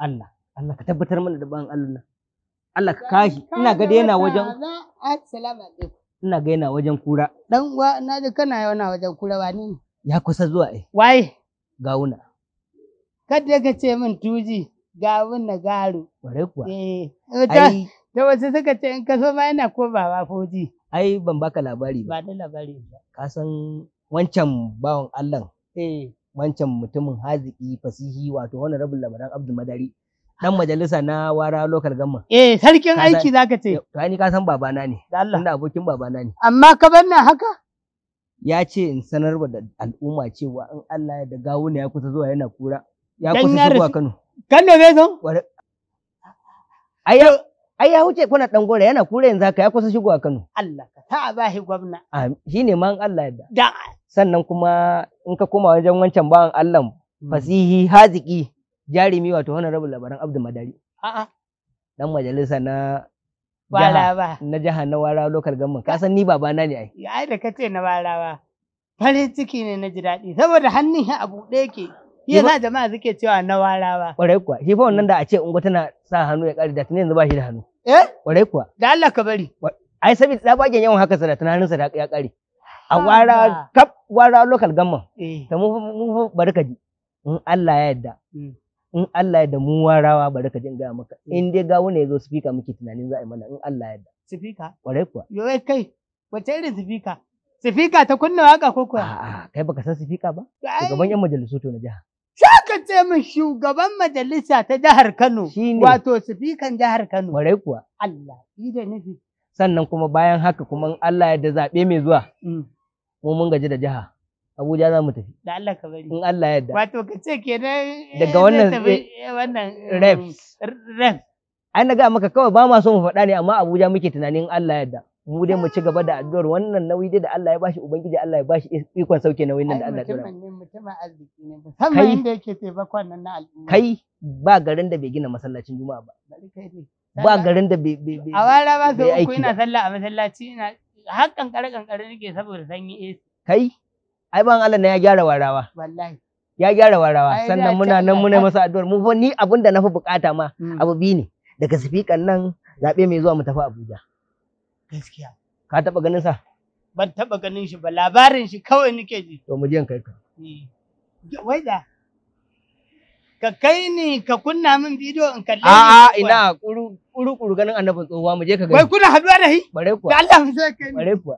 Allah Allah ka tabbatar mana da ban Allah nan Allah ka kashi ina ga yana wajen assalamu alaikum ina ga yana wajen kura dan uwa ina ji kana yana wajen kura wani ne? ya kusa zuwa eh waye gawuna kada ka ce min tuji gawun na garu ware kuwa eh da wasu suka ce in ka so ma yana ko ba ba foji ai ban baka labari ba ba da labari ba ka san wancan bawan Allah eh wancan mutumin haziki fasihi wato wani rabin labaran abdu madari dan majalisa na wara local gamma eh sarkin aiki zaka ce to ni ka san babana ne Ina abokin babana ne amma ka banna haka ya ce in sanar da al'umma cewa in Allah ya da gawuna ya kusa zuwa yana kura ya kusa zuwa Kano Kano zai zo ai ya huce kuna ɗan gora yana kura yanzu haka ya kusa shigo a Kano Allah ka ta ah, shi gwamna a ma man Allah yadda da sannan kuma in ka koma wajen wancan bawan Allah hmm. fasihi haziki jarimi wato rabin labaran Abdul Madari a'a dan majalisa na Walawa. Na jiha na warawa lokal gamman. Ka san ni babana ne ai. Ya ai da ce na warawa. Farin ciki ne na ji daɗi saboda hannun shi abu ɗaya yake. Iya na jama'a suke cewa na warawa. Ƙwarai kuwa, shi fa wannan mm. da a ce ungo tana sa hannu ya ƙari da tuni yanzu ba shi da hannu. Eh? Ƙwarai kuwa. Da Allah ka bari. Ai saboda tsabagen yawan haka sana tunaninsa da ya ƙari. A wara kaf wara local gamma. Eh. Ta mu bari ka ji. In Allah ya yarda. Mm. In Allah ya yarda mu warawa bari ka ji in gaya maka. Mm. In dai ga wani ya zo sifika muke tunanin za a yi mana in Allah ya yarda. Sifika? Ƙwarai kuwa. Yo eh, kai wace irin sifika? Sifika ta kunna waka ko kuwa? A'a kai baka san sifika ba? Shugaban 'yan majalisu to na jiha. Shaka ce min shugaban majalisa ta jihar Kano wato sifikan jihar Kano warai kuwa Allah shi da nufi sannan kuma bayan haka kuma Allah ya da zaɓe mai zuwa mm. mu mun gaji da jiha Abuja za mu tafi da Allah ka bari in Allah ya da. wato ka ce na eh, daga wannan eh, eh, wannan mm, reps reps ai na ga maka kawai ba ma so mu faɗa ne amma Abuja muke tunanin Allah ya da. mu dai mu ci gaba da addu'ar wannan nauyi dai da Allah ya bashi ubangiji Allah ya bashi ikon sauke nauyin nan da Allah ya dora kai inda yake taimakon nan na al'umma kai ba garin da bai gina masallacin juma'a ba ba garin da bai bai a wara ba su uku ina sallah a masallaci ina har kankare kankare nake saboda sanyi AC kai ai ban Allah ne ya gyara warawa wallahi ya gyara warawa sannan muna nan muna masa addu'ar mu fa ni abin da na fi bukata ma hmm. abu bi ne daga sifikan nan zabe mai zuwa mu tafi Abuja Gaskiya. Ka taba ganin sa? Ban taba ganin shi ba, labarin shi kawai nake ji. To mu je kai ka. Eh. Wai da. Ka kai ni ka kunna min bidiyo in kalle. ni A'a ina kuru kuru ganin annabin tsohuwa mu je ka gani. Wai kuna haduwa da shi? Bare kuwa. Da Allah mu je kai ni. Bare kuwa.